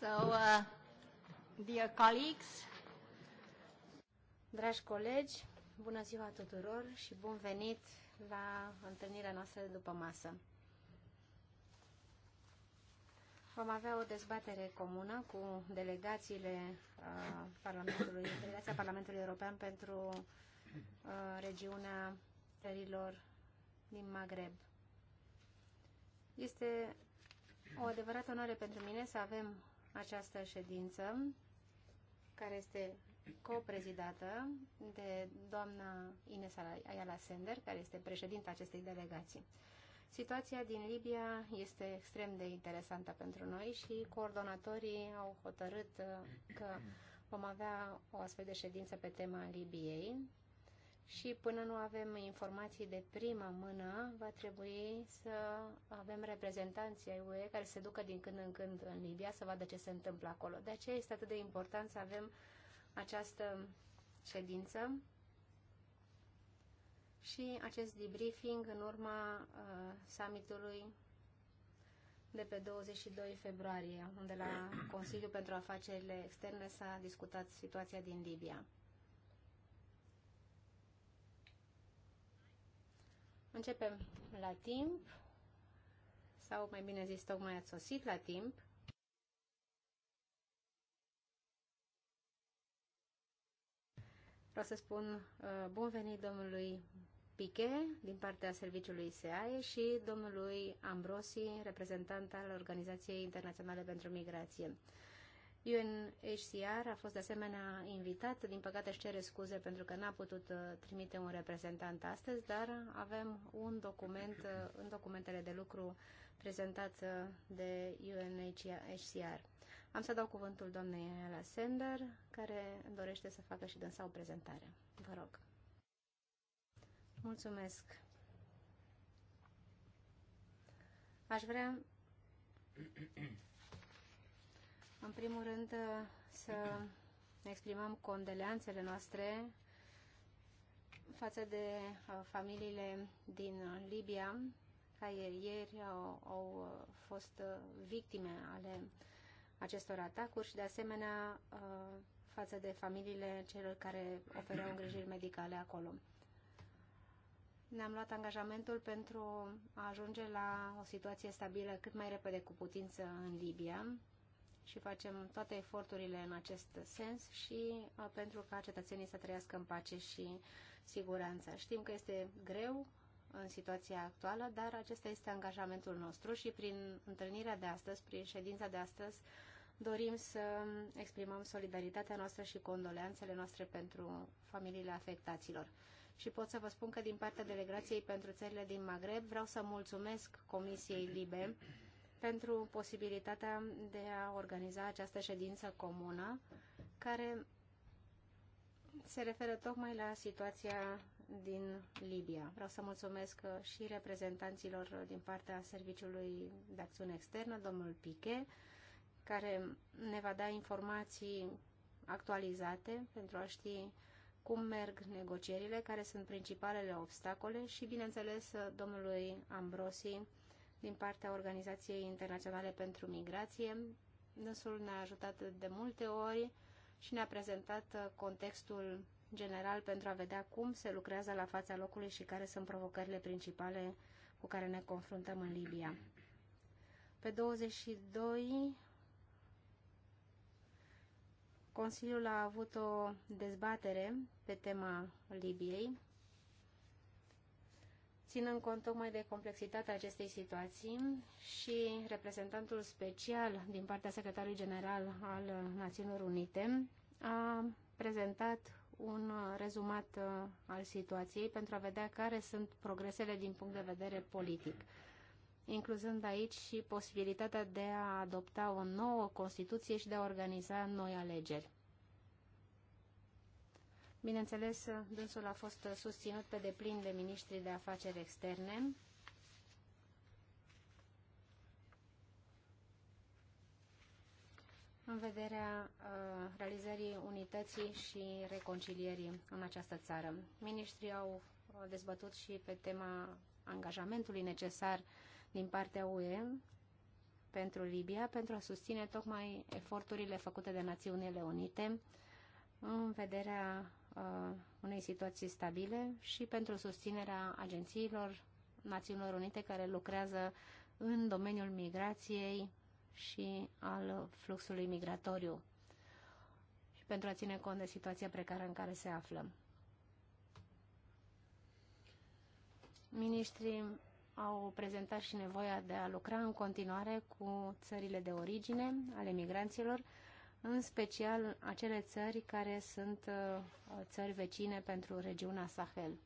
So, uh, dear colleagues, dragi colegi, bună ziua tuturor și bun venit la întâlnirea noastră de după masă. Vom avea o dezbatere comună cu delegațiile uh, Parlamentului, delegația Parlamentului European pentru uh, regiunea țărilor din Maghreb. Este o adevărată onoare pentru mine să avem această ședință care este coprezidată de doamna Ines Ayala Sender, care este președinta acestei delegații. Situația din Libia este extrem de interesantă pentru noi și coordonatorii au hotărât uh, că vom avea o astfel de ședință pe tema Libiei, și până nu avem informații de primă mână, va trebui să avem reprezentanții ai UE care se ducă din când în când în Libia să vadă ce se întâmplă acolo. De aceea este atât de important să avem această ședință și acest debriefing în urma uh, summitului de pe 22 februarie, unde la Consiliul pentru Afacerile Externe s-a discutat situația din Libia. Începem la timp, sau mai bine zis, tocmai ați sosit la timp. Vreau să spun uh, bun venit domnului Piche din partea serviciului SEAE și domnului Ambrosi, reprezentant al Organizației Internaționale pentru Migrație. UNHCR a fost de asemenea invitat, din păcate își cere scuze pentru că n-a putut uh, trimite un reprezentant astăzi, dar avem un document uh, în documentele de lucru prezentat uh, de UNHCR. Am să dau cuvântul doamnei Ayala Sender, care dorește să facă și dânsa o prezentare. Vă rog. Mulțumesc. Aș vrea în primul rând, uh, să ne exprimăm condeleanțele noastre față de uh, familiile din Libia, care ieri au, au uh, fost victime ale acestor atacuri și, de asemenea, față de familiile celor care ofereau îngrijiri medicale acolo. Ne-am luat angajamentul pentru a ajunge la o situație stabilă cât mai repede cu putință în Libia și facem toate eforturile în acest sens și uh, pentru ca cetățenii să trăiască în pace și siguranță. Știm că este greu în situația actuală, dar acesta este angajamentul nostru și prin întâlnirea de astăzi, prin ședința de astăzi, dorim să exprimăm solidaritatea noastră și condoleanțele noastre pentru familiile afectaților. Și pot să vă spun că din partea delegației pentru țările din Maghreb vreau să mulțumesc Comisiei Libe pentru posibilitatea de a organiza această ședință comună, care se referă tocmai la situația din Libia. Vreau să mulțumesc și reprezentanților din partea Serviciului de Acțiune Externă, domnul Piche, care ne va da informații actualizate pentru a ști cum merg negocierile, care sunt principalele obstacole și, bineînțeles, domnului Ambrosi, din partea Organizației Internaționale pentru Migrație. Dânsul ne-a ajutat de multe ori și ne-a prezentat uh, contextul general pentru a vedea cum se lucrează la fața locului și care sunt provocările principale cu care ne confruntăm în Libia. Pe 22 Consiliul a avut o dezbatere pe tema Libiei ținând cont tocmai de complexitatea acestei situații și reprezentantul special din partea secretarului general al Națiunilor Unite a prezentat un rezumat uh, al situației pentru a vedea care sunt progresele din punct de vedere politic, incluzând aici și posibilitatea de a adopta o nouă Constituție și de a organiza noi alegeri. Bineînțeles, dânsul a fost susținut pe deplin de ministrii de afaceri externe. în vederea uh, realizării unității și reconcilierii în această țară. Ministrii au dezbătut și pe tema angajamentului necesar din partea UE pentru Libia, pentru a susține tocmai eforturile făcute de Națiunile Unite în vederea Uh, unei situații stabile și pentru susținerea agențiilor Națiunilor Unite care lucrează în domeniul migrației și al fluxului migratoriu și pentru a ține cont de situația precară în care se află. Ministrii au prezentat și nevoia de a lucra în continuare cu țările de origine ale migranților, în special acele țări care sunt uh, țări vecine pentru regiunea Sahel.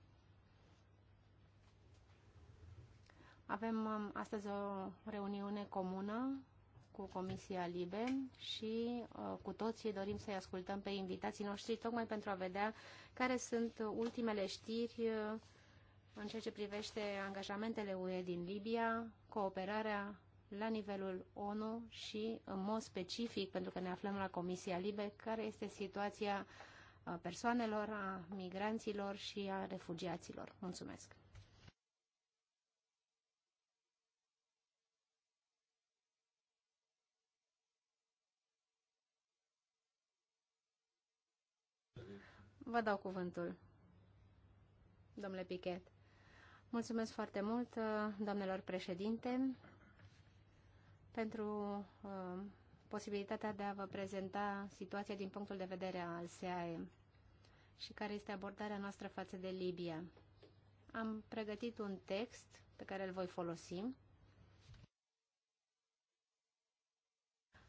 Avem um, astăzi o reuniune comună cu Comisia Libe și uh, cu toții dorim să-i ascultăm pe invitații noștri, tocmai pentru a vedea care sunt ultimele știri uh, în ceea ce privește angajamentele UE din Libia, cooperarea la nivelul ONU și, în mod specific, pentru că ne aflăm la Comisia Libe, care este situația uh, persoanelor, a migranților și a refugiaților. Mulțumesc! Vă dau cuvântul, domnule Pichet. Mulțumesc foarte mult, uh, doamnelor președinte pentru uh, posibilitatea de a vă prezenta situația din punctul de vedere al SEAE și care este abordarea noastră față de Libia. Am pregătit un text pe care îl voi folosi,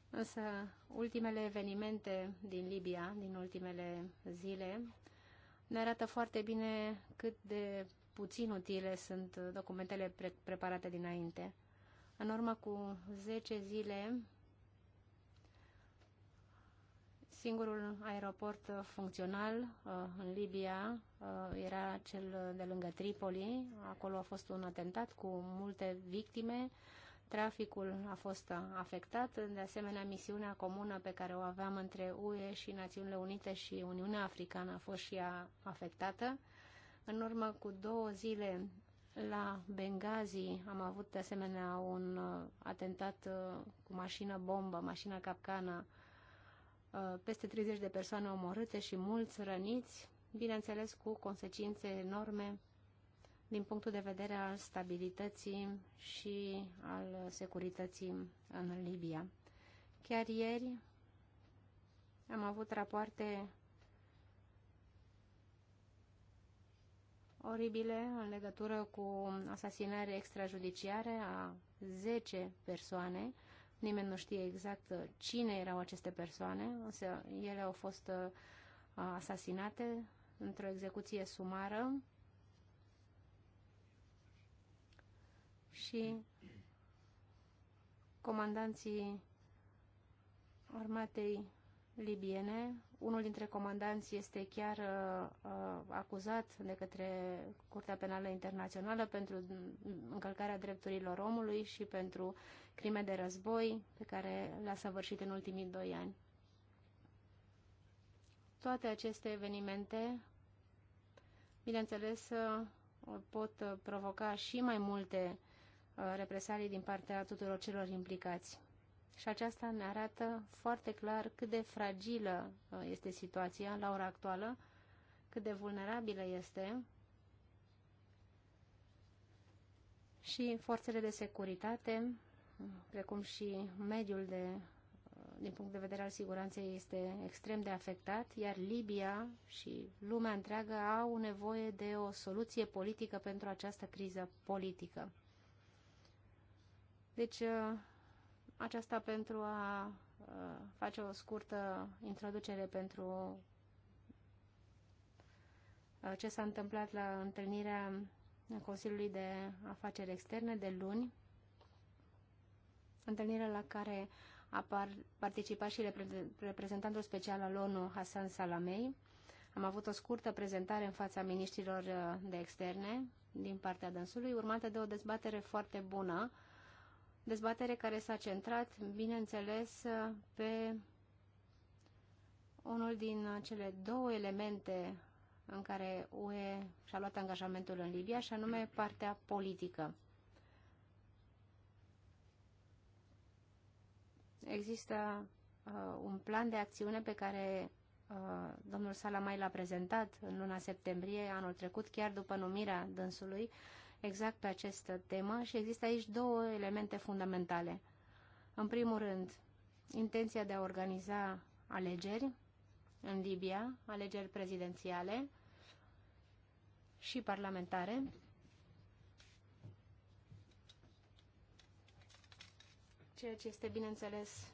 însă ultimele evenimente din Libia, din ultimele zile, ne arată foarte bine cât de puțin utile sunt documentele pre preparate dinainte. În urmă cu 10 zile, singurul aeroport uh, funcțional uh, în Libia uh, era cel de lângă Tripoli. Acolo a fost un atentat cu multe victime. Traficul a fost afectat. De asemenea, misiunea comună pe care o aveam între UE și Națiunile Unite și Uniunea Africană a fost și ea afectată. În urmă cu două zile la Benghazi am avut de asemenea un uh, atentat uh, cu mașină bombă, mașina capcană, uh, peste 30 de persoane omorâte și mulți răniți, bineînțeles cu consecințe enorme din punctul de vedere al stabilității și al securității în Libia. Chiar ieri am avut rapoarte oribile în legătură cu asasinări extrajudiciare a 10 persoane. Nimeni nu știe exact uh, cine erau aceste persoane, însă ele au fost uh, asasinate într-o execuție sumară și comandanții armatei libiene. Unul dintre comandanți este chiar uh, uh, acuzat de către Curtea Penală Internațională pentru încălcarea drepturilor omului și pentru crime de război pe care le-a săvârșit în ultimii doi ani. Toate aceste evenimente, bineînțeles, uh, pot uh, provoca și mai multe represalii din partea tuturor celor implicați și aceasta ne arată foarte clar cât de fragilă uh, este situația la ora actuală, cât de vulnerabilă este și forțele de securitate, precum și mediul de, uh, din punct de vedere al siguranței este extrem de afectat, iar Libia și lumea întreagă au nevoie de o soluție politică pentru această criză politică. Deci uh, aceasta pentru a face o scurtă introducere pentru ce s-a întâmplat la întâlnirea Consiliului de Afaceri Externe de luni, întâlnirea la care a participat și reprezentantul special al ONU, Hassan Salamei. Am avut o scurtă prezentare în fața ministrilor de externe din partea dânsului, urmată de o dezbatere foarte bună dezbatere care s-a centrat, bineînțeles, pe unul din cele două elemente în care UE și-a luat angajamentul în Libia, și anume partea politică. Există uh, un plan de acțiune pe care uh, domnul Salamai l-a prezentat în luna septembrie anul trecut, chiar după numirea dânsului, uh, exact pe această temă și există aici două elemente fundamentale. În primul rând, intenția de a organiza alegeri în Libia, alegeri prezidențiale și parlamentare. Ceea ce este, bineînțeles,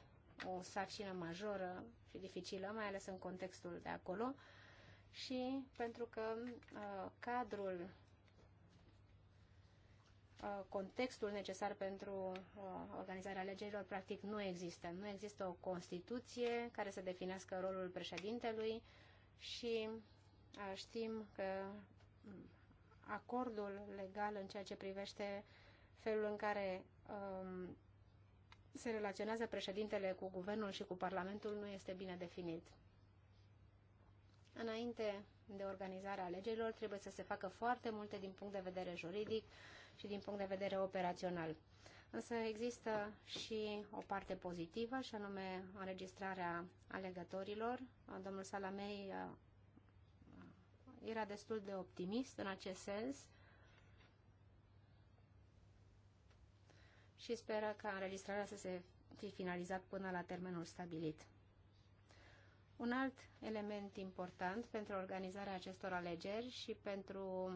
o sarcină majoră și dificilă, mai ales în contextul de acolo, și pentru că uh, cadrul Uh, contextul necesar pentru uh, organizarea alegerilor practic nu există. Nu există o Constituție care să definească rolul președintelui și uh, știm că acordul legal în ceea ce privește felul în care um, se relaționează președintele cu guvernul și cu parlamentul nu este bine definit. Înainte de organizarea alegerilor trebuie să se facă foarte multe din punct de vedere juridic, și din punct de vedere operațional. Însă există și o parte pozitivă, și anume înregistrarea alegătorilor. Domnul Salamei uh, uh, era destul de optimist în acest sens și speră ca înregistrarea să se fi finalizat până la termenul stabilit. Un alt element important pentru organizarea acestor alegeri și pentru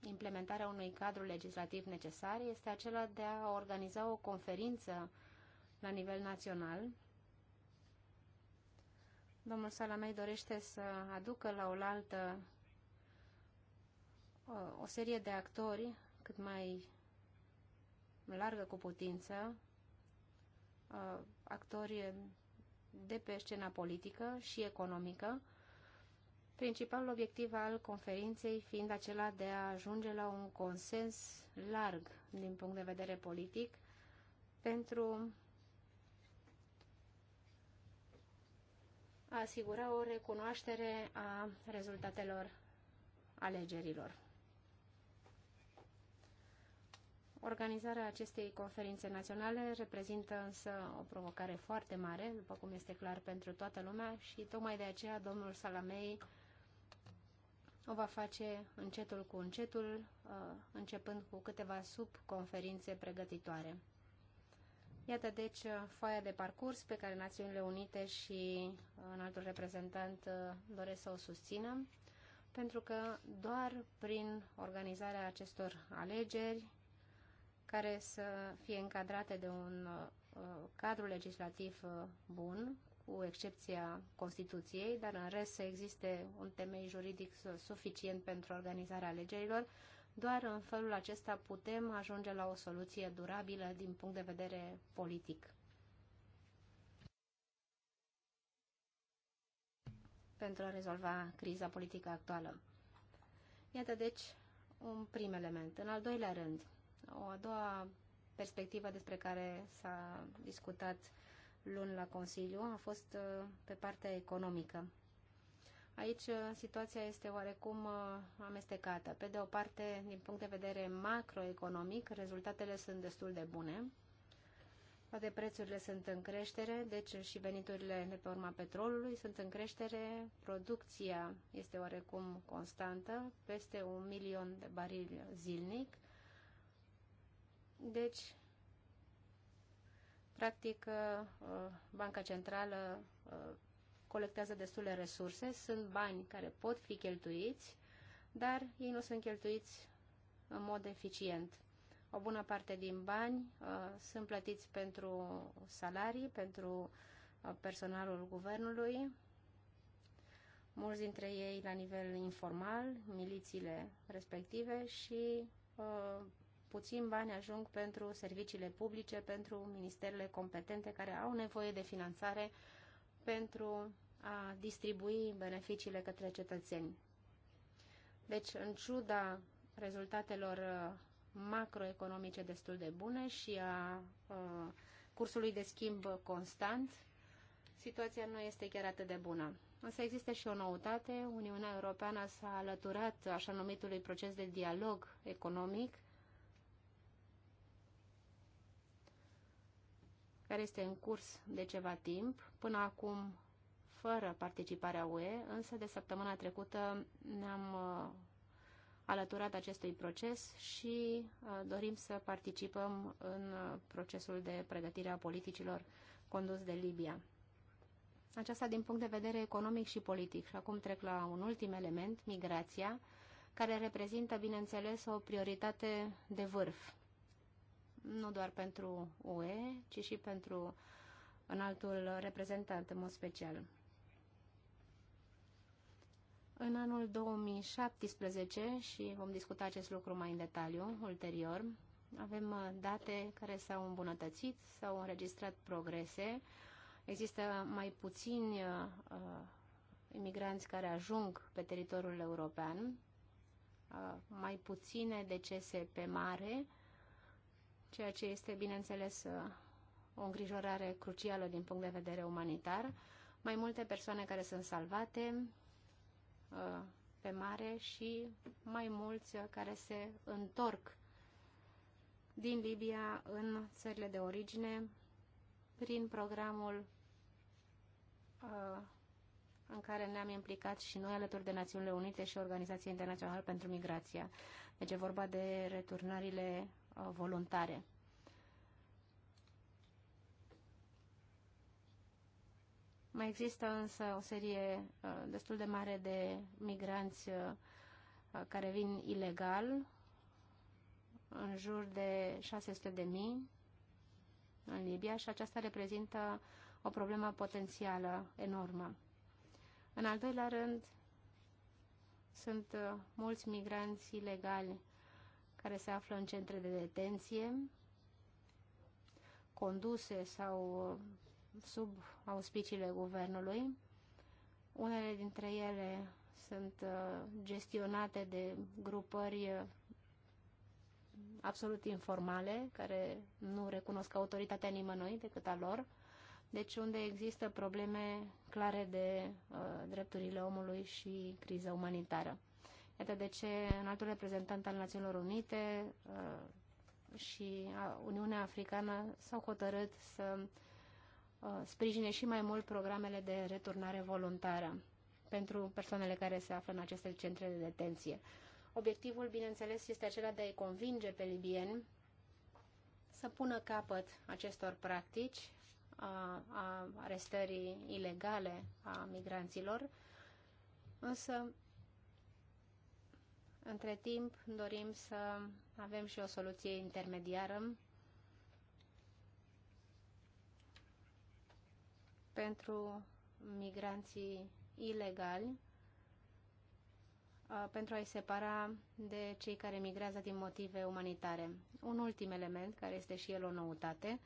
implementarea unui cadru legislativ necesar este acela de a organiza o conferință la nivel național. Domnul Salamei dorește să aducă la oaltă uh, o serie de actori cât mai largă cu putință, uh, actori de pe scena politică și economică, principalul obiectiv al conferinței fiind acela de a ajunge la un consens larg din punct de vedere politic pentru a asigura o recunoaștere a rezultatelor alegerilor. Organizarea acestei conferințe naționale reprezintă însă o provocare foarte mare, după cum este clar pentru toată lumea, și tocmai de aceea domnul Salamei o va face încetul cu încetul, uh, începând cu câteva subconferințe pregătitoare. Iată deci uh, foaia de parcurs pe care Națiunile Unite și uh, un altul reprezentant doresc să o susțină, pentru că doar prin organizarea acestor alegeri, care să fie încadrate de un cadru legislativ bun, cu excepția Constituției, dar în rest să existe un temei juridic suficient pentru organizarea alegerilor. Doar în felul acesta putem ajunge la o soluție durabilă din punct de vedere politic. pentru a rezolva criza politică actuală. Iată, deci, un prim element. În al doilea rând, o a doua perspectivă despre care s-a discutat luni la Consiliu a fost uh, pe partea economică. Aici uh, situația este oarecum uh, amestecată. Pe de o parte, din punct de vedere macroeconomic, rezultatele sunt destul de bune. Toate prețurile sunt în creștere, deci și veniturile de pe urma petrolului sunt în creștere, producția este oarecum constantă, peste un milion de barili zilnic. Deci, Practic, uh, Banca Centrală uh, colectează destule resurse, sunt bani care pot fi cheltuiți, dar ei nu sunt cheltuiți în mod eficient. O bună parte din bani uh, sunt plătiți pentru salarii, pentru uh, personalul guvernului, mulți dintre ei la nivel informal, milițiile respective și uh, puțin bani ajung pentru serviciile publice, pentru ministerele competente care au nevoie de finanțare pentru a distribui beneficiile către cetățeni. Deci, în ciuda rezultatelor uh, macroeconomice destul de bune și a, a uh, cursului de schimb constant, situația nu este chiar atât de bună. Însă există și o noutate. Uniunea Europeană s-a alăturat așa numitului proces de dialog economic care este în curs de ceva timp, până acum fără participarea UE, însă de săptămâna trecută ne-am uh, alăturat acestui proces și uh, dorim să participăm în uh, procesul de pregătire a politicilor condus de Libia. Aceasta din punct de vedere economic și politic. Și acum trec la un ultim element, migrația, care reprezintă, bineînțeles, o prioritate de vârf nu doar pentru UE, ci și pentru înaltul reprezentant în mod special. În anul 2017, și vom discuta acest lucru mai în detaliu ulterior, avem uh, date care s-au îmbunătățit, s-au înregistrat progrese, există mai puțini uh, uh imigranți care ajung pe teritoriul european, uh, mai puține decese pe mare ceea ce este, bineînțeles, uh, o îngrijorare crucială din punct de vedere umanitar. Mai multe persoane care sunt salvate uh, pe mare și mai mulți uh, care se întorc din Libia în țările de origine prin programul în care ne-am implicat și noi alături de Națiunile Unite și Organizația Internațională pentru Migrația. Deci e vorba de returnările Uh, voluntare. Mai există însă o serie uh, destul de mare de migranți uh, care vin ilegal, în jur de 600 de mii în Libia și aceasta reprezintă o problemă potențială enormă. În al doilea rând, sunt mulți migranți ilegali care se află în centre de detenție, conduse sau uh, sub auspiciile guvernului. Unele dintre ele sunt uh, gestionate de grupări uh, absolut informale, care nu recunosc autoritatea nimănui decât a lor, deci unde există probleme clare de uh, drepturile omului și criză umanitară. Iată de ce în altul reprezentant al Națiunilor Unite uh, și uh, Uniunea Africană s-au hotărât să uh, sprijine și mai mult programele de returnare voluntară pentru persoanele care se află în aceste centre de detenție. Obiectivul, bineînțeles, este acela de a-i convinge pe libieni să pună capăt acestor practici a, a arestării ilegale a migranților, însă între timp, dorim să avem și o soluție intermediară pentru migranții ilegali, pentru a-i separa de cei care migrează din motive umanitare. Un ultim element, care este și el o noutate,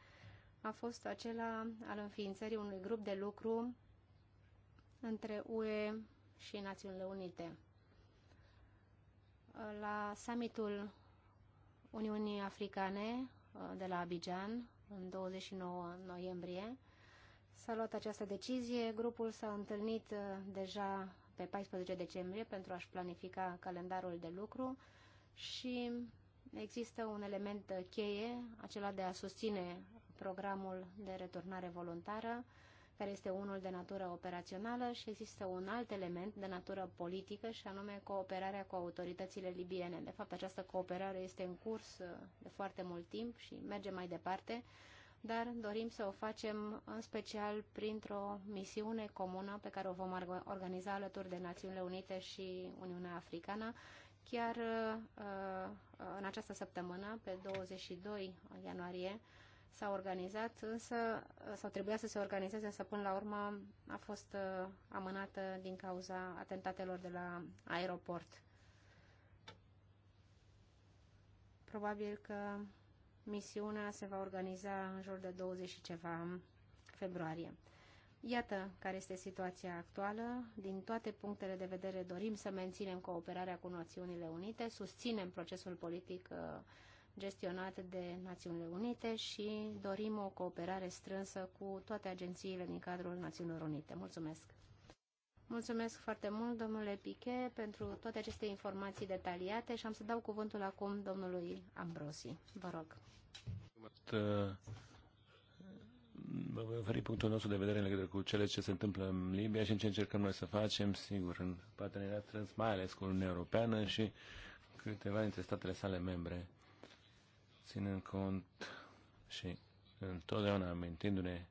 a fost acela al înființării unui grup de lucru între UE și Națiunile Unite la summitul Uniunii Africane uh, de la Abidjan în 29 noiembrie. S-a luat această decizie, grupul s-a întâlnit uh, deja pe 14 decembrie pentru a-și planifica calendarul de lucru și există un element cheie, acela de a susține programul de returnare voluntară, care este unul de natură operațională și există un alt element de natură politică și anume cooperarea cu autoritățile libiene. De fapt, această cooperare este în curs uh, de foarte mult timp și merge mai departe, dar dorim să o facem în special printr-o misiune comună pe care o vom organiza alături de Națiunile Unite și Uniunea Africană, chiar uh, uh, în această săptămână, pe 22 ianuarie, s-a organizat, însă, sau trebuia să se organizeze, însă până la urmă a fost uh, amânată din cauza atentatelor de la aeroport. Probabil că misiunea se va organiza în jur de 20 și ceva februarie. Iată care este situația actuală. Din toate punctele de vedere dorim să menținem cooperarea cu Națiunile Unite, susținem procesul politic uh, gestionat de Națiunile Unite și dorim o cooperare strânsă cu toate agențiile din cadrul Națiunilor Unite. Mulțumesc! Mulțumesc foarte mult, domnule Piche, pentru toate aceste informații detaliate și am să dau cuvântul acum domnului Ambrosi. Vă rog. Vă voi oferi punctul nostru de vedere în legătură cu cele ce se întâmplă în Libia și în ce încercăm noi să facem, sigur, în parteneriat strâns, mai ales cu Uniunea Europeană și câteva dintre statele sale membre ținând cont și întotdeauna amintindu-ne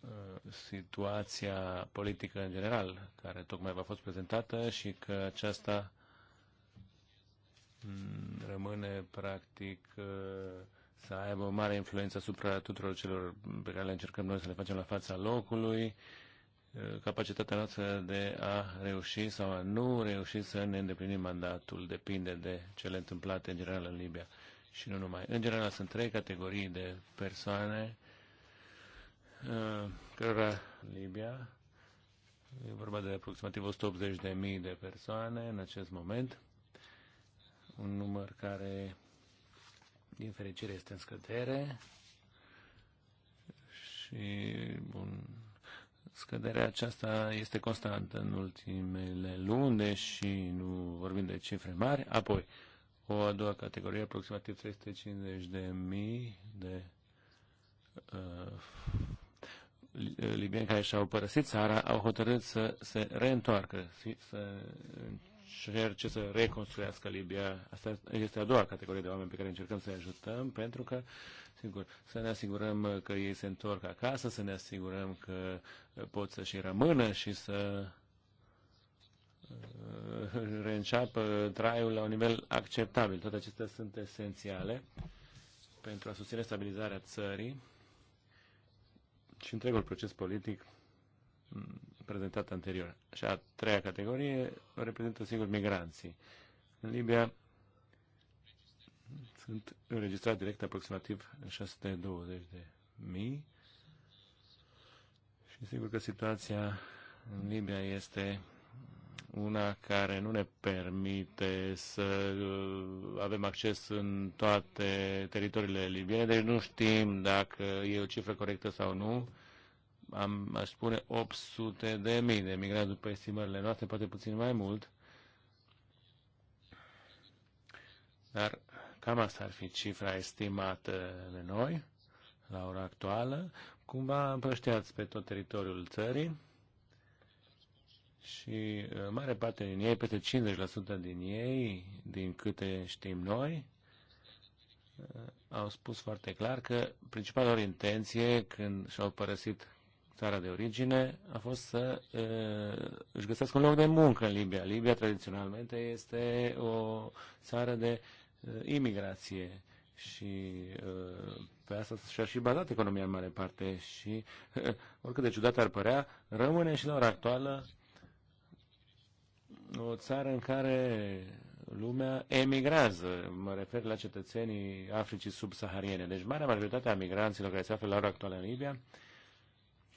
uh, situația politică în general, care tocmai v-a fost prezentată și că aceasta mm, rămâne practic uh, să aibă o mare influență asupra tuturor celor pe care le încercăm noi să le facem la fața locului, uh, capacitatea noastră de a reuși sau a nu reuși să ne îndeplinim mandatul depinde de cele întâmplate în general în Libia și nu numai. În general sunt trei categorii de persoane uh, cărora Libia e vorba de aproximativ 180.000 de persoane în acest moment, un număr care din fericire este în scădere și bun, scăderea aceasta este constantă în ultimele luni, și nu vorbim de cifre mari. Apoi, uh, o a doua categorie, aproximativ 350.000 de de uh, libieni care și-au părăsit țara, au hotărât să se reîntoarcă, să încerce să reconstruiască Libia. Asta este a doua categorie de oameni pe care încercăm să-i ajutăm, pentru că, sigur, să ne asigurăm că ei se întorc acasă, să ne asigurăm că pot să și rămână și să Uh, reînceapă traiul la un nivel acceptabil. Toate acestea sunt esențiale pentru a susține stabilizarea țării și întregul proces politic mm, prezentat anterior. Și a treia categorie reprezintă singur migranții. În Libia sunt înregistrat direct aproximativ 620 de mii și sigur că situația în Libia este una care nu ne permite să uh, avem acces în toate teritoriile libiene, deci nu știm dacă e o cifră corectă sau nu. Am, aș spune 800 de mii de migranți după estimările noastre, poate puțin mai mult. Dar cam asta ar fi cifra estimată de noi la ora actuală. Cumva împrășteați pe tot teritoriul țării și uh, mare parte din ei, peste 50% din ei, din câte știm noi, uh, au spus foarte clar că principala lor intenție când și-au părăsit țara de origine a fost să uh, își găsească un loc de muncă în Libia. Libia tradiționalmente este o țară de uh, imigrație și uh, pe asta și-a și bazat economia în mare parte și, uh, oricât de ciudat ar părea, rămâne și la ora actuală o țară în care lumea emigrează. Mă refer la cetățenii Africii subsahariene. Deci marea majoritate a migranților care se află la ora actuală în Libia,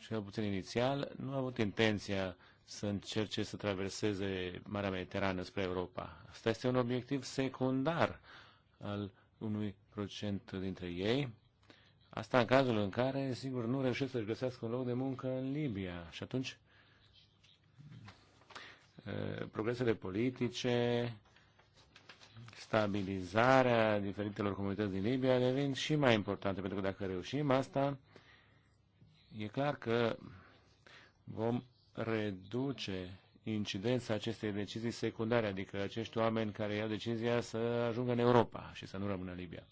cel puțin inițial, nu au avut intenția să încerce să traverseze Marea Mediterană spre Europa. Asta este un obiectiv secundar al unui procent dintre ei. Asta în cazul în care, sigur, nu reușesc să-și găsească un loc de muncă în Libia. Și atunci progresele politice, stabilizarea diferitelor comunități din Libia devin și mai importante, pentru că dacă reușim asta, e clar că vom reduce incidența acestei decizii secundare, adică acești oameni care iau decizia să ajungă în Europa și să nu rămână în Libia.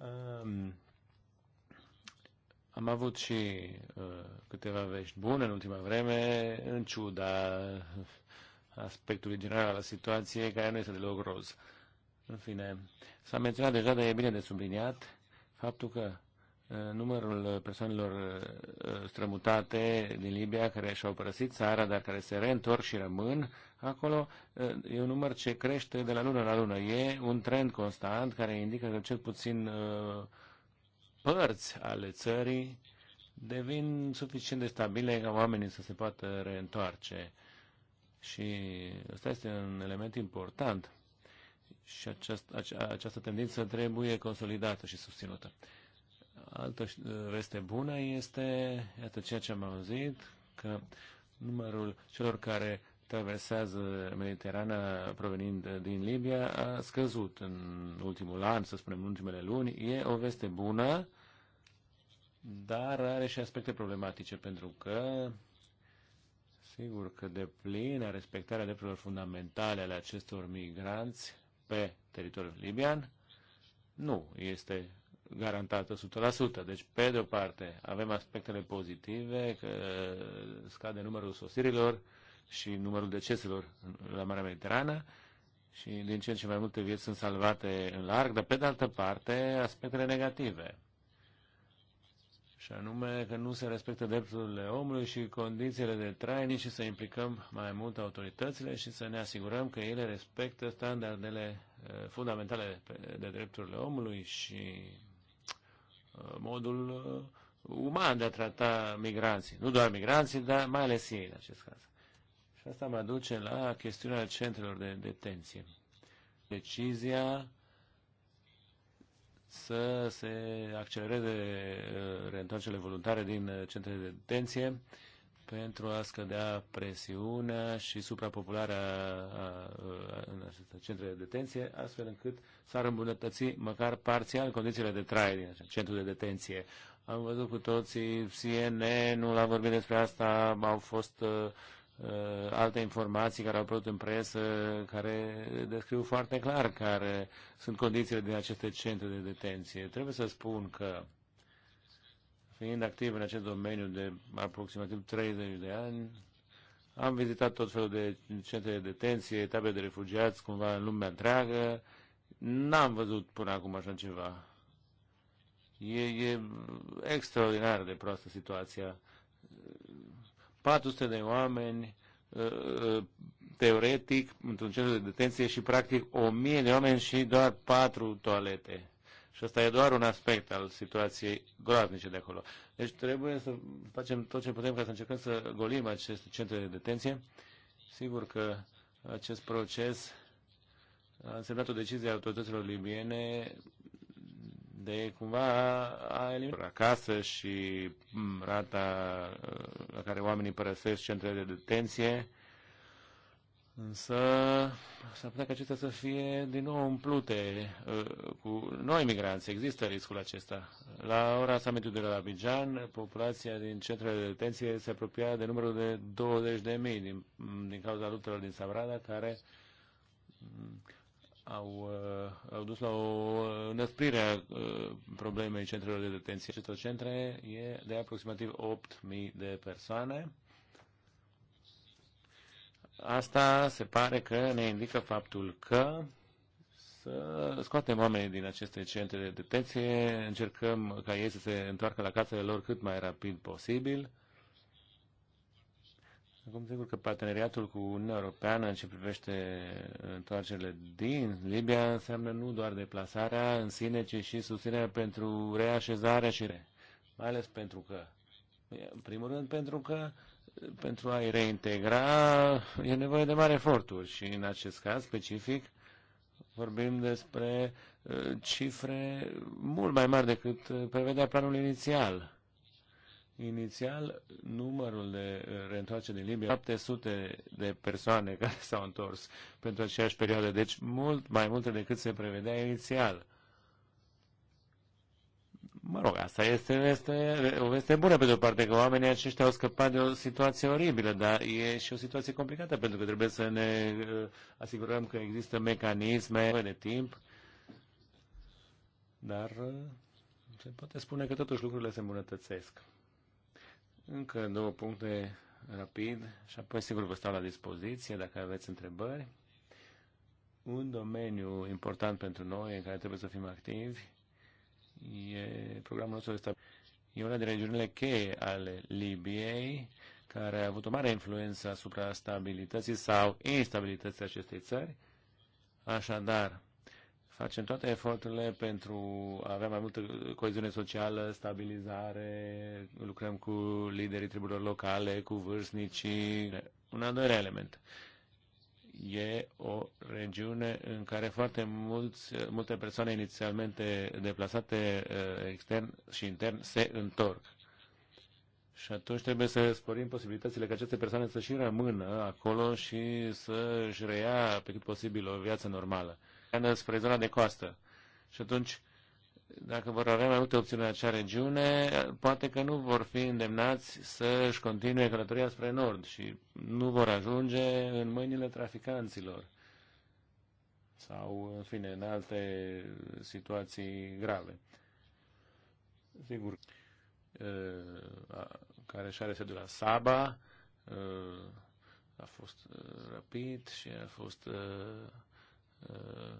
Um, am avut și uh, câteva vești bune în ultima vreme, în ciuda aspectului general al situației, care nu este deloc roz. În fine, s-a menționat deja, dar e bine de subliniat, faptul că uh, numărul persoanelor uh, strămutate din Libia care și-au părăsit țara, dar care se reîntorc și rămân acolo, uh, e un număr ce crește de la lună la lună. E un trend constant care indică că cel puțin părți ale țării devin suficient de stabile ca oamenii să se poată reîntoarce. Și ăsta este un element important și această, această tendință trebuie consolidată și susținută. Altă veste bună este, iată ceea ce am auzit, că numărul celor care traversează Mediterana provenind din Libia a scăzut în ultimul an, să spunem, în ultimele luni. E o veste bună, dar are și aspecte problematice, pentru că sigur că de plină respectarea drepturilor fundamentale ale acestor migranți pe teritoriul libian nu este garantată 100%. Deci, pe de o parte, avem aspectele pozitive, că scade numărul sosirilor, și numărul deceselor la Marea Mediterană și din ce în ce mai multe vieți sunt salvate în larg, dar pe de altă parte aspectele negative. Și anume că nu se respectă drepturile omului și condițiile de trai, nici și să implicăm mai mult autoritățile și să ne asigurăm că ele respectă standardele eh, fundamentale de drepturile omului și eh, modul eh, uman de a trata migranții. Nu doar migranții, dar mai ales ei în acest caz. Și asta mă duce la chestiunea centrelor de detenție. Decizia să se accelereze uh, reîntoarcele voluntare din uh, centrele de detenție pentru a scădea presiunea și suprapopularea uh, în aceste centre de detenție, astfel încât s-ar îmbunătăți măcar parțial condițiile de trai din acest centru de detenție. Am văzut cu toții cnn nu l a vorbit despre asta, au fost uh, Uh, alte informații care au apărut în presă, care descriu foarte clar care sunt condițiile din aceste centre de detenție. Trebuie să spun că, fiind activ în acest domeniu de aproximativ 30 de ani, am vizitat tot felul de centre de detenție, etape de refugiați, cumva în lumea întreagă. N-am văzut până acum așa ceva. E, e extraordinar de proastă situația 400 de oameni uh, uh, teoretic într-un centru de detenție și practic 1000 de oameni și doar 4 toalete. Și asta e doar un aspect al situației groaznice de acolo. Deci trebuie să facem tot ce putem ca să încercăm să golim acest centru de detenție. Sigur că acest proces a însemnat o decizie a autorităților libiene de cumva a eliminat acasă și mm, rata la care oamenii părăsesc centrele de detenție. Însă s-ar putea ca acestea să fie din nou umplute uh, cu noi migranți. Există riscul acesta. La ora summitului de la Abidjan, populația din centrele de detenție se apropia de numărul de 20.000 din, din cauza luptelor din Sabrada, care mm, au, uh, au dus la o uh, înăsprire a uh, problemei centrelor de detenție. Acestor centre e de aproximativ 8.000 de persoane. Asta se pare că ne indică faptul că să scoatem oamenii din aceste centre de detenție, încercăm ca ei să se întoarcă la casele lor cât mai rapid posibil Acum, sigur că parteneriatul cu Uniunea Europeană în ce privește întoarcerile din Libia înseamnă nu doar deplasarea în sine, ci și susținerea pentru reașezarea și re. Mai ales pentru că, în primul rând, pentru că pentru a-i reintegra e nevoie de mari eforturi și în acest caz specific vorbim despre uh, cifre mult mai mari decât uh, prevedea planul inițial Inițial, numărul de uh, reîntoarceri din Libia, 700 de persoane care s-au întors pentru aceeași perioadă, deci mult mai multe decât se prevedea inițial. Mă rog, asta este, este o veste bună pe de o parte, că oamenii aceștia au scăpat de o situație oribilă, dar e și o situație complicată, pentru că trebuie să ne uh, asigurăm că există mecanisme de timp, dar uh, se poate spune că totuși lucrurile se îmbunătățesc. Încă două puncte rapid și apoi sigur vă stau la dispoziție dacă aveți întrebări. Un domeniu important pentru noi în care trebuie să fim activi e programul nostru de stabilitate. E una din regiunile cheie ale Libiei care a avut o mare influență asupra stabilității sau instabilității acestei țări. Așadar, facem toate eforturile pentru a avea mai multă coeziune socială, stabilizare, lucrăm cu liderii triburilor locale, cu vârstnicii. Un al doilea element. E o regiune în care foarte mulți, multe persoane inițialmente deplasate eh, extern și intern se întorc. Și atunci trebuie să sporim posibilitățile ca aceste persoane să și rămână acolo și să își reia pe cât posibil o viață normală. Mediterană spre zona de coastă. Și atunci, dacă vor avea mai multe opțiuni în acea regiune, poate că nu vor fi îndemnați să-și continue călătoria spre nord și nu vor ajunge în mâinile traficanților sau, în fine, în alte situații grave. Sigur, care și are sediul la Saba, a fost răpit și a fost Uh,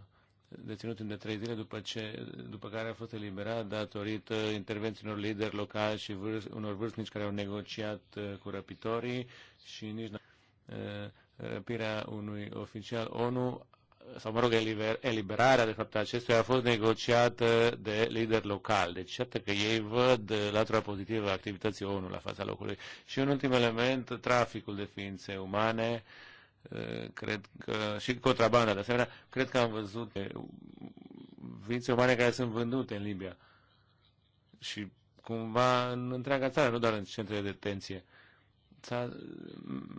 deținut timp de trei zile după, ce, după care a fost eliberat datorită intervențiilor lideri locali și vârs, unor vârstnici care au negociat uh, cu răpitorii și nici uh, răpirea unui oficial ONU sau mă rog, eliber, eliberarea de fapt acestuia a fost negociată de lider local. Deci cert că ei văd latura pozitivă a activității ONU la fața locului. Și un ultim element, traficul de ființe umane. Uh, Eh, cred că și contrabanda de asemenea, cred că am văzut ființe umane care sunt vândute în Libia și cumva în întreaga țară, nu doar în centrele de detenție. S-a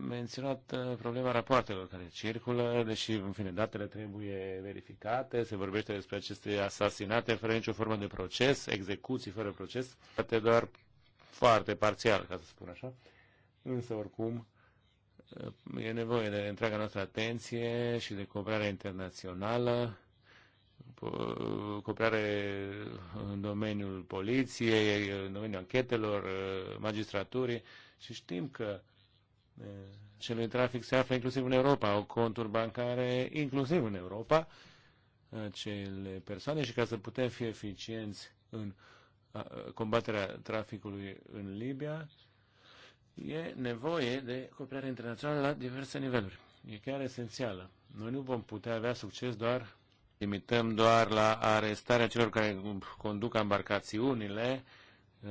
menționat eh, problema rapoartelor care circulă, deși, în fine, datele trebuie verificate, se vorbește despre aceste asasinate fără nicio formă de proces, execuții fără proces, poate doar foarte parțial, ca să spun așa. Însă, oricum, Uh, e nevoie de întreaga noastră atenție și de cooperare internațională, cooperare în domeniul poliției, în domeniul anchetelor, uh, magistraturii și știm că uh, celui trafic se află inclusiv în Europa, au conturi bancare inclusiv în Europa, acele persoane și ca să putem fi eficienți în combaterea traficului în Libia, E nevoie de cooperare internațională la diverse niveluri. E chiar esențială. Noi nu vom putea avea succes doar, limităm doar la arestarea celor care conduc embarcațiunile, uh,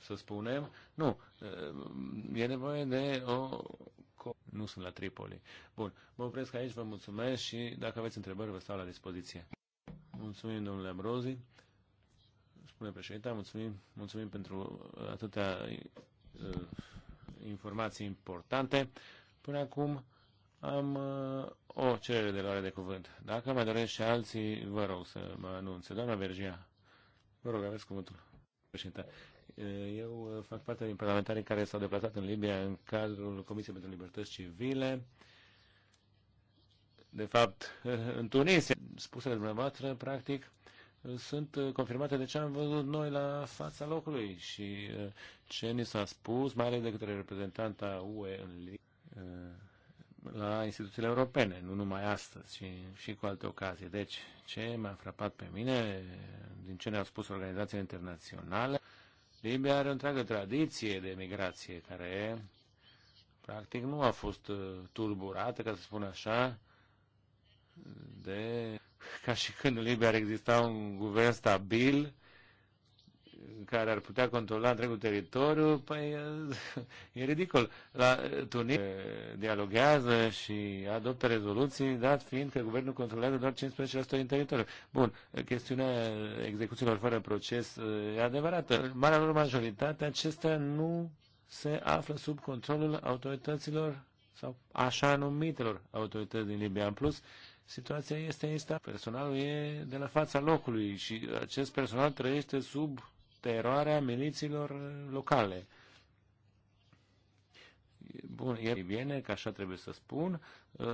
să spunem. Nu, uh, e nevoie de o... Nu sunt la Tripoli. Bun, mă opresc aici, vă mulțumesc și dacă aveți întrebări, vă stau la dispoziție. Mulțumim, domnule Ambrozi. Spune președinte, mulțumim, mulțumim pentru atâtea uh, informații importante. Până acum am uh, o cerere de luare de cuvânt. Dacă mai doresc și alții, vă rog să mă anunțe. Doamna Vergia, vă rog, aveți cuvântul. Președinte. Uh, eu uh, fac parte din parlamentarii care s-au deplasat în Libia în cadrul Comisiei pentru Libertăți Civile. De fapt, în Tunisia, spusele dumneavoastră, practic, sunt uh, confirmate de ce am văzut noi la fața locului și uh, ce ni s-a spus, mai ales de către reprezentanta UE în uh, la instituțiile europene, nu numai astăzi, ci și cu alte ocazii. Deci, ce m-a frapat pe mine, din ce ne-au spus organizațiile internaționale, Libia are o întreagă tradiție de migrație care practic nu a fost tulburată, ca să spun așa, de ca și când în Libia ar exista un guvern stabil care ar putea controla întregul teritoriu, păi e ridicol. La Tunis dialoguează și adoptă rezoluții, dat fiind că guvernul controlează doar 15% din teritoriu. Bun, chestiunea execuțiilor fără proces e adevărată. marea lor majoritate, acestea nu se află sub controlul autorităților sau așa numitelor autorități din Libia. În plus, situația este instabilă. Personalul e de la fața locului și acest personal trăiește sub teroarea miliților locale. Bun, e bine că așa trebuie să spun,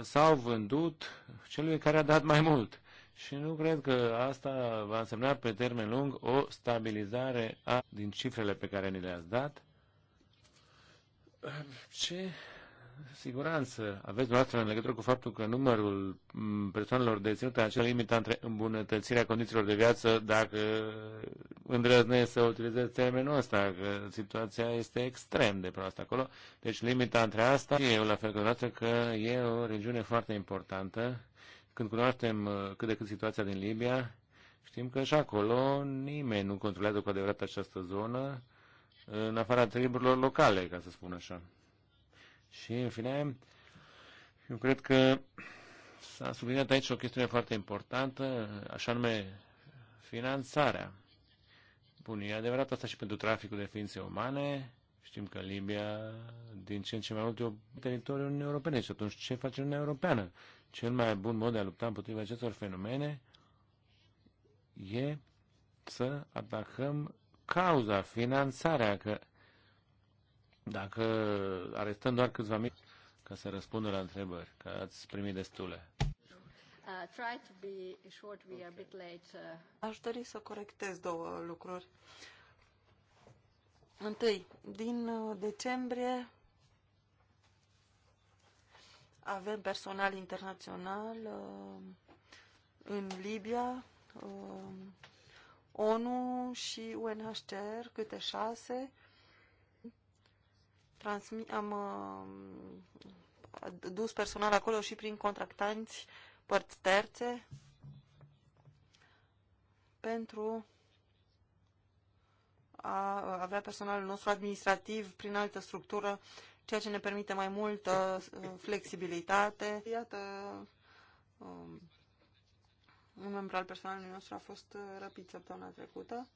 s-au vândut celui care a dat mai mult. Și nu cred că asta va însemna pe termen lung o stabilizare a, din cifrele pe care ni le-ați dat. Ce siguranță aveți dumneavoastră în legătură cu faptul că numărul mm, persoanelor deținute în acea limită între îmbunătățirea condițiilor de viață, dacă îndrăznesc să utilizez termenul ăsta, că situația este extrem de proastă acolo. Deci limita între asta, eu la fel că că e o regiune foarte importantă. Când cunoaștem uh, cât de cât situația din Libia, știm că și acolo nimeni nu controlează cu adevărat această zonă, în afara triburilor locale, ca să spun așa. Și, în fine, eu cred că s-a subliniat aici o chestiune foarte importantă, așa nume finanțarea. Bun, e adevărat asta și pentru traficul de ființe umane. Știm că Libia, din ce în ce mai mult, e o teritoriu Europene. Și atunci, ce face Uniunea Europeană? Cel mai bun mod de a lupta împotriva acestor fenomene e să atacăm cauza, finanțarea, că dacă arestăm doar câțiva mici ca să răspundă la întrebări, că ați primit destule. Uh, uh. Aș dori să corectez două lucruri. Întâi, din uh, decembrie avem personal internațional în Libia, ONU și UNHCR, câte șase, transmi, am uh, dus personal acolo și prin contractanți părți terțe pentru a avea personalul nostru administrativ prin altă structură, ceea ce ne permite mai multă uh, flexibilitate. Iată, um, un membru al personalului nostru a fost uh, răpit săptămâna trecută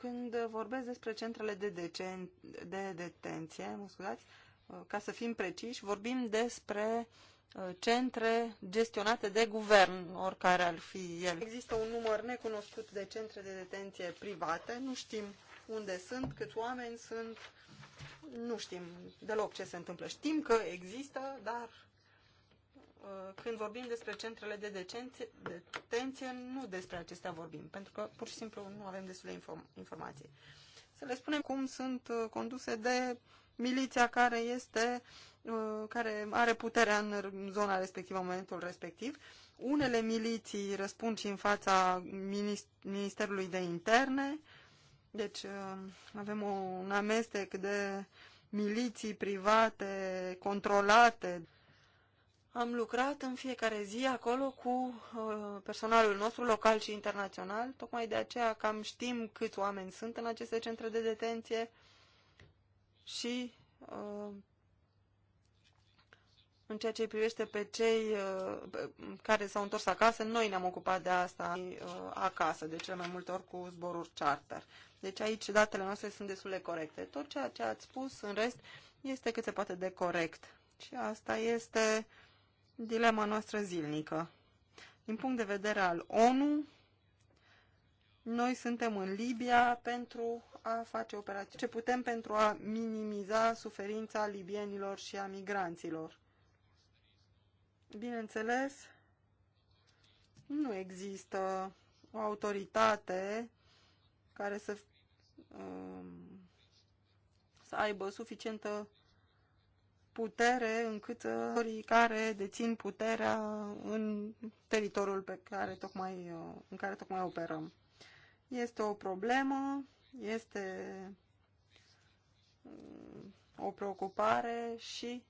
când vorbesc despre centrele de, decen, de detenție, mă scuzați, uh, ca să fim preciși, vorbim despre uh, centre gestionate de guvern, oricare ar fi el. Există un număr necunoscut de centre de detenție private, nu știm unde sunt, câți oameni sunt, nu știm deloc ce se întâmplă. Știm că există, dar Uh, când vorbim despre centrele de detenție, nu despre acestea vorbim, pentru că pur și simplu nu avem destule inform- informații. Să le spunem cum sunt uh, conduse de miliția care este uh, care are puterea în zona respectivă, în momentul respectiv. Unele miliții răspund și în fața Ministerului de Interne, deci avem un amestec de miliții private controlate am lucrat în fiecare zi acolo cu uh, personalul nostru local și internațional, tocmai de aceea cam știm câți oameni sunt în aceste centre de detenție și uh, în ceea ce privește pe cei uh, care s-au întors acasă, noi ne-am ocupat de asta acasă, de cele mai multe ori cu zboruri charter. Deci aici datele noastre sunt destul de corecte. Tot ceea ce ați spus în rest este cât se poate de corect. Și asta este dilema noastră zilnică. Din punct de vedere al ONU, noi suntem în Libia pentru a face operații. Ce putem pentru a minimiza suferința libienilor și a migranților? Bineînțeles, nu există o autoritate care să, um, să aibă suficientă putere încât uh, cei care dețin puterea în teritoriul pe care tocmai, uh, în care tocmai operăm. Este o problemă, este mm, o preocupare și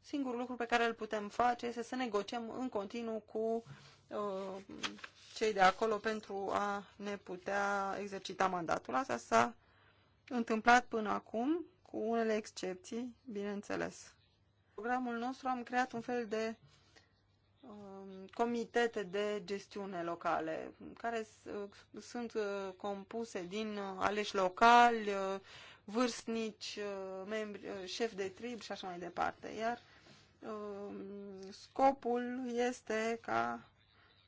singurul lucru pe care îl putem face este să negociem în continuu cu uh, cei de acolo pentru a ne putea exercita mandatul. Asta s-a întâmplat până acum cu unele excepții, bineînțeles. Programul nostru am creat un fel de um, comitete de gestiune locale, care sunt uh, compuse din uh, aleși locali, uh, vârstnici, membri, șef de trib și așa mai departe. Iar um, scopul este ca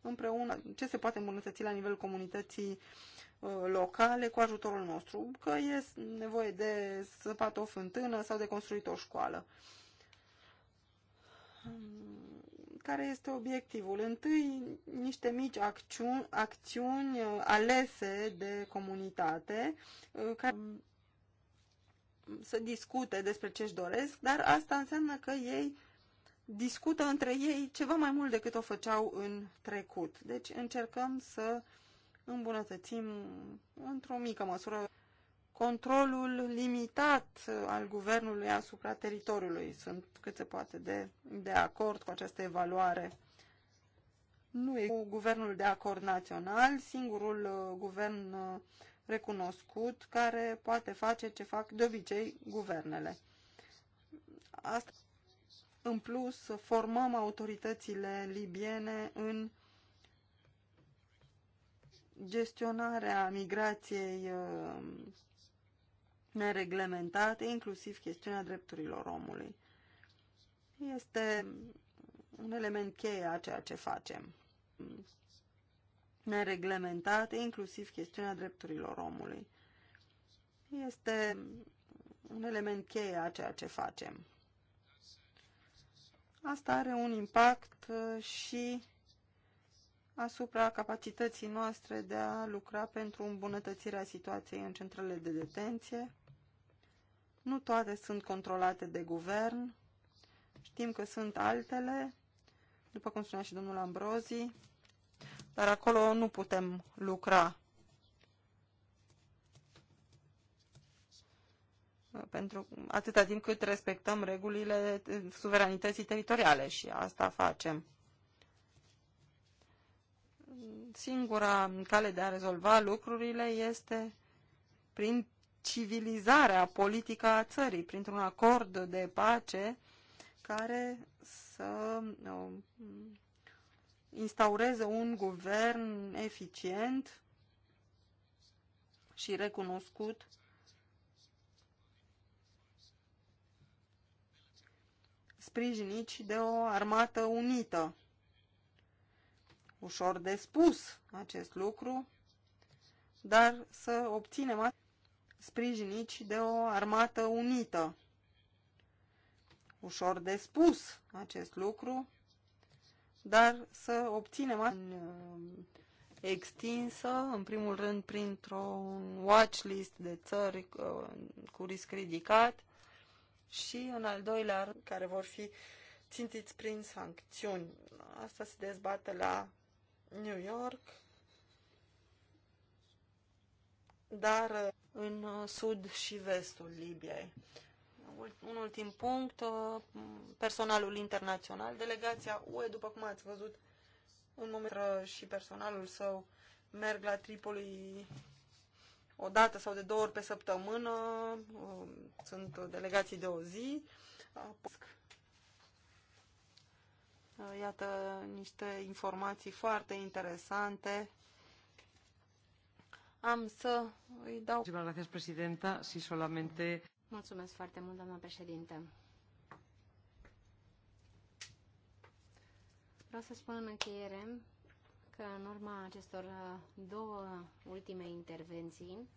împreună ce se poate îmbunătăți la nivelul comunității uh, locale cu ajutorul nostru, că e nevoie de săpat o fântână sau de construit o școală. Care este obiectivul? Întâi, niște mici acțiuni, acțiuni uh, alese de comunitate uh, care să discute despre ce își doresc, dar asta înseamnă că ei discută între ei ceva mai mult decât o făceau în trecut. Deci încercăm să uh, îmbunătățim într-o mică măsură controlul limitat al guvernului asupra teritoriului. Sunt cât se poate de, de acord cu această evaluare. Nu e guvernul de acord național, singurul uh, guvern uh, recunoscut care poate face ce fac de obicei guvernele. Asta, în plus, formăm autoritățile libiene în gestionarea migrației uh, nereglementate, inclusiv chestiunea drepturilor omului. Este un element cheie a ceea ce facem. Nereglementate, inclusiv chestiunea drepturilor omului. Este un element cheie a ceea ce facem. Asta are un impact uh, și asupra capacității noastre de a lucra pentru îmbunătățirea situației în centrele de detenție. Nu toate sunt controlate de guvern. Știm că sunt altele, după cum spunea și domnul Ambrozi, dar acolo nu putem lucra. Pentru atâta timp cât respectăm regulile suveranității teritoriale și asta facem singura cale de a rezolva lucrurile este prin civilizarea politică a țării, printr-un acord de pace care să um, instaureze un guvern eficient și recunoscut sprijinit și de o armată unită ușor de spus acest lucru, dar să obținem sprijinici de o armată unită. Ușor de spus acest lucru, dar să obținem în, uh, extinsă, în primul rând printr-un watchlist de țări uh, cu risc ridicat și în al doilea rând care vor fi țintiți prin sancțiuni. Asta se dezbate la New York, dar uh, în uh, sud și vestul Libiei. Un ultim punct, uh, personalul internațional, delegația UE, după cum ați văzut, un moment și personalul său merg la Tripoli o dată sau de două ori pe săptămână, sunt delegații de o zi. Uh, iată niște informații foarte interesante. Am să îi dau... Gracias, presidenta. Si solamente... Mulțumesc foarte mult, doamna președinte. Vreau să spun în încheiere că în urma acestor uh, două ultime intervenții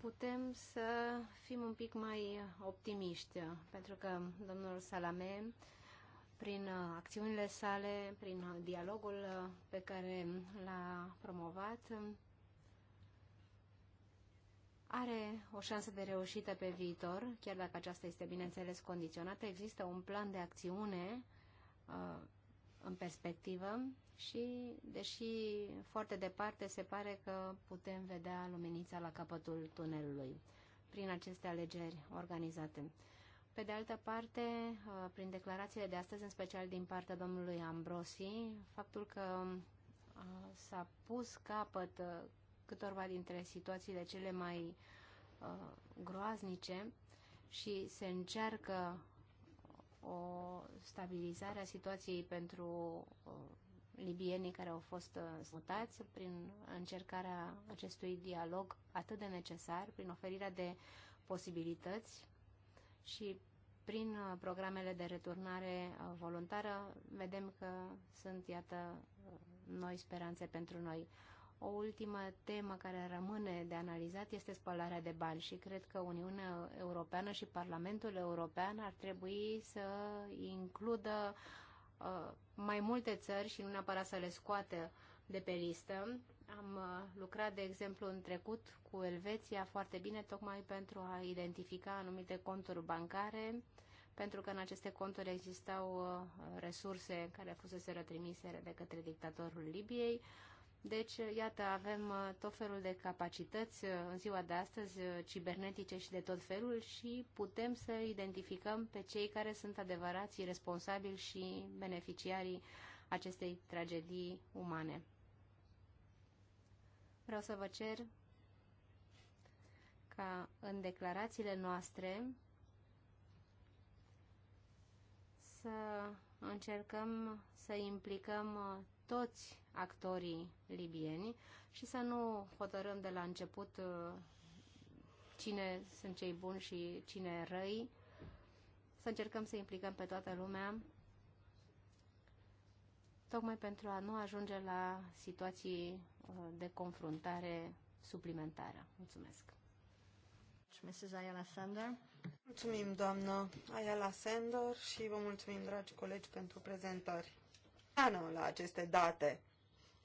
putem să fim un pic mai optimiști, pentru că domnul Salame prin uh, acțiunile sale, prin uh, dialogul uh, pe care l-a promovat, um, are o șansă de reușită pe viitor, chiar dacă aceasta este, bineînțeles, condiționată. Există un plan de acțiune uh, în perspectivă și, deși foarte departe, se pare că putem vedea luminița la capătul tunelului prin aceste alegeri organizate. Pe de altă parte, uh, prin declarațiile de astăzi, în special din partea domnului Ambrosi, faptul că uh, s-a pus capăt uh, câtorva dintre situațiile cele mai groaznice și se încearcă o stabilizare a situației pentru libienii care au fost mutați prin încercarea acestui dialog atât de necesar, prin oferirea de posibilități și prin uh, programele de returnare uh, voluntară vedem că sunt, iată, uh, noi speranțe pentru noi. O ultimă temă care rămâne de analizat este spălarea de bani și cred că Uniunea Europeană și Parlamentul European ar trebui să includă uh, mai multe țări și nu neapărat să le scoate de pe listă, am uh, lucrat, de exemplu, în trecut cu Elveția foarte bine, tocmai pentru a identifica anumite conturi bancare, pentru că în aceste conturi existau uh, resurse care fuseseră trimise de către dictatorul Libiei. Deci, uh, iată, avem tot felul de capacități în ziua de astăzi, cibernetice și de tot felul, și putem să identificăm pe cei care sunt adevărații responsabili și beneficiarii acestei tragedii umane vreau să vă cer ca în declarațiile noastre să încercăm să implicăm toți actorii libieni și să nu hotărâm de la început uh, cine sunt cei buni și cine răi, să încercăm să implicăm pe toată lumea tocmai pentru a nu ajunge la situații uh, de confruntare suplimentară. Mulțumesc! Mrs. Ayala Sander. Mulțumim, doamnă Ayala Sander, și vă mulțumim, dragi colegi, pentru prezentări. Ană la aceste date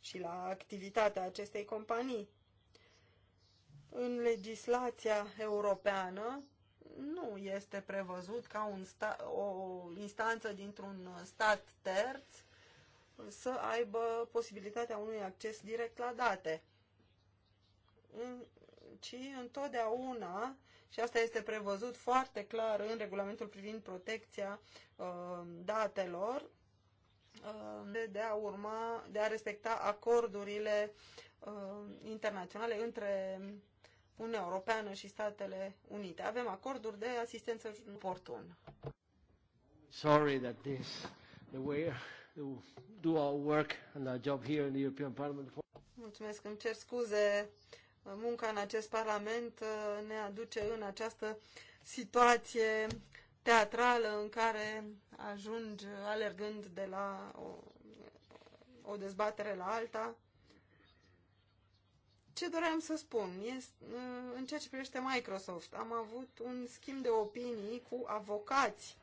și la activitatea acestei companii. În legislația europeană nu este prevăzut ca un sta- o instanță dintr-un stat terț să aibă posibilitatea unui acces direct la date. Ci întotdeauna, și asta este prevăzut foarte clar în regulamentul privind protecția uh, datelor, uh, de a urma, de a respecta acordurile uh, internaționale între Uniunea Europeană și Statele Unite. Avem acorduri de asistență oportun. Sorry that this the way do our work and our job here in the European Parliament. Mulțumesc, îmi cer scuze. Munca în acest Parlament uh, ne aduce în această situație teatrală în care ajungi alergând de la o, o dezbatere la alta. Ce doream să spun? Este, uh, în ceea ce privește Microsoft, am avut un schimb de opinii cu avocați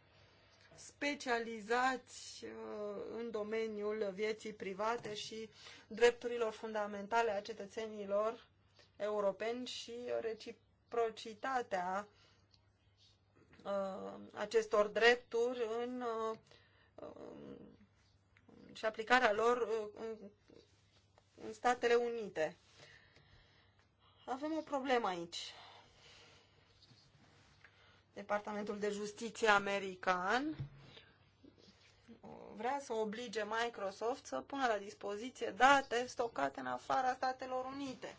specializați uh, în domeniul vieții private și drepturilor fundamentale a cetățenilor europeni și reciprocitatea uh, acestor drepturi în, uh, um, și aplicarea lor în, în Statele Unite. Avem o problemă aici. Departamentul de Justiție american vrea să oblige Microsoft să pună la dispoziție date stocate în afara Statelor Unite,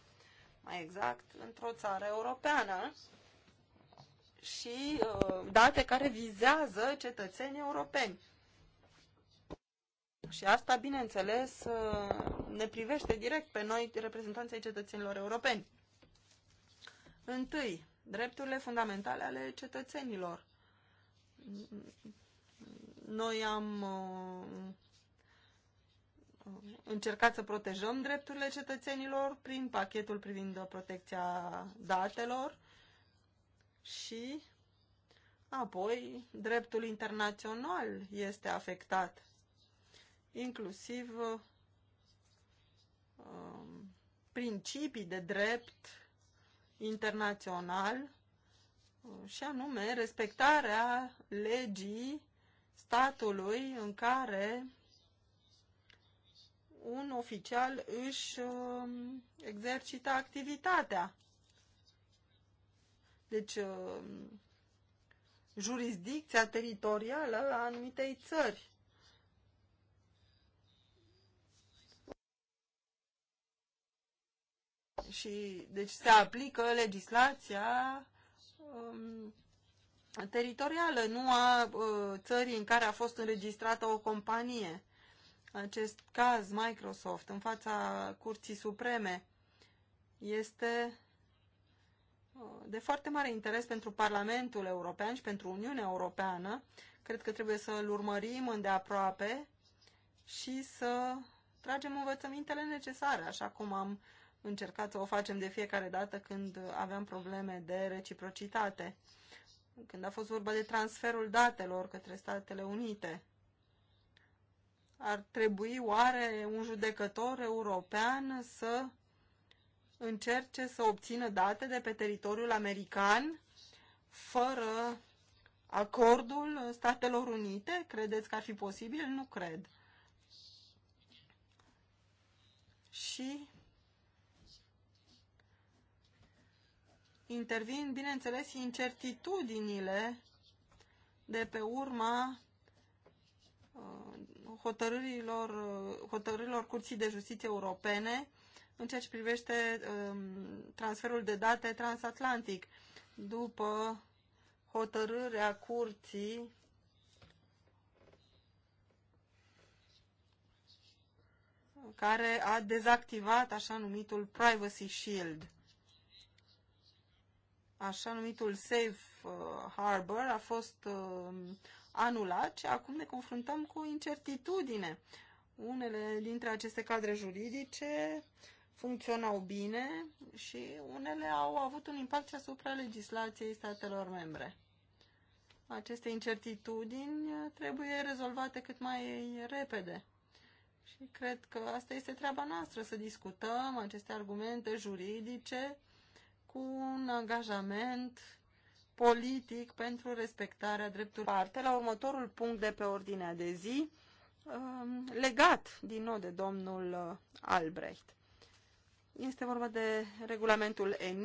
mai exact într-o țară europeană, și uh, date care vizează cetățenii europeni. Și asta, bineînțeles, uh, ne privește direct pe noi, reprezentanții cetățenilor europeni. Întâi, drepturile fundamentale ale cetățenilor. Noi am uh, încercat să protejăm drepturile cetățenilor prin pachetul privind protecția datelor și apoi dreptul internațional este afectat, inclusiv uh, principii de drept internațional și anume respectarea legii statului în care un oficial își um, exercită activitatea. Deci, um, jurisdicția teritorială a anumitei țări. și deci se aplică legislația um, teritorială, nu a uh, țării în care a fost înregistrată o companie. Acest caz, Microsoft, în fața Curții Supreme, este uh, de foarte mare interes pentru Parlamentul European și pentru Uniunea Europeană. Cred că trebuie să îl urmărim îndeaproape și să tragem învățămintele necesare, așa cum am uh, încercat să o facem de fiecare dată când aveam probleme de reciprocitate, când a fost vorba de transferul datelor către Statele Unite. Ar trebui oare un judecător european să încerce să obțină date de pe teritoriul american fără acordul Statelor Unite? Credeți că ar fi posibil? Nu cred. Și intervin, bineînțeles, incertitudinile de pe urma uh, hotărârilor, uh, hotărârilor Curții de Justiție Europene în ceea ce privește um, transferul de date transatlantic după hotărârea Curții care a dezactivat așa numitul Privacy Shield așa numitul Safe uh, Harbor a fost uh, anulat și acum ne confruntăm cu incertitudine. Unele dintre aceste cadre juridice funcționau bine și unele au avut un impact și asupra legislației statelor membre. Aceste incertitudini trebuie rezolvate cât mai repede. Și cred că asta este treaba noastră, să discutăm aceste argumente juridice cu un angajament politic pentru respectarea drepturilor. Parte la următorul punct de pe ordinea de zi, um, legat din nou de domnul uh, Albrecht. Este vorba de regulamentul EN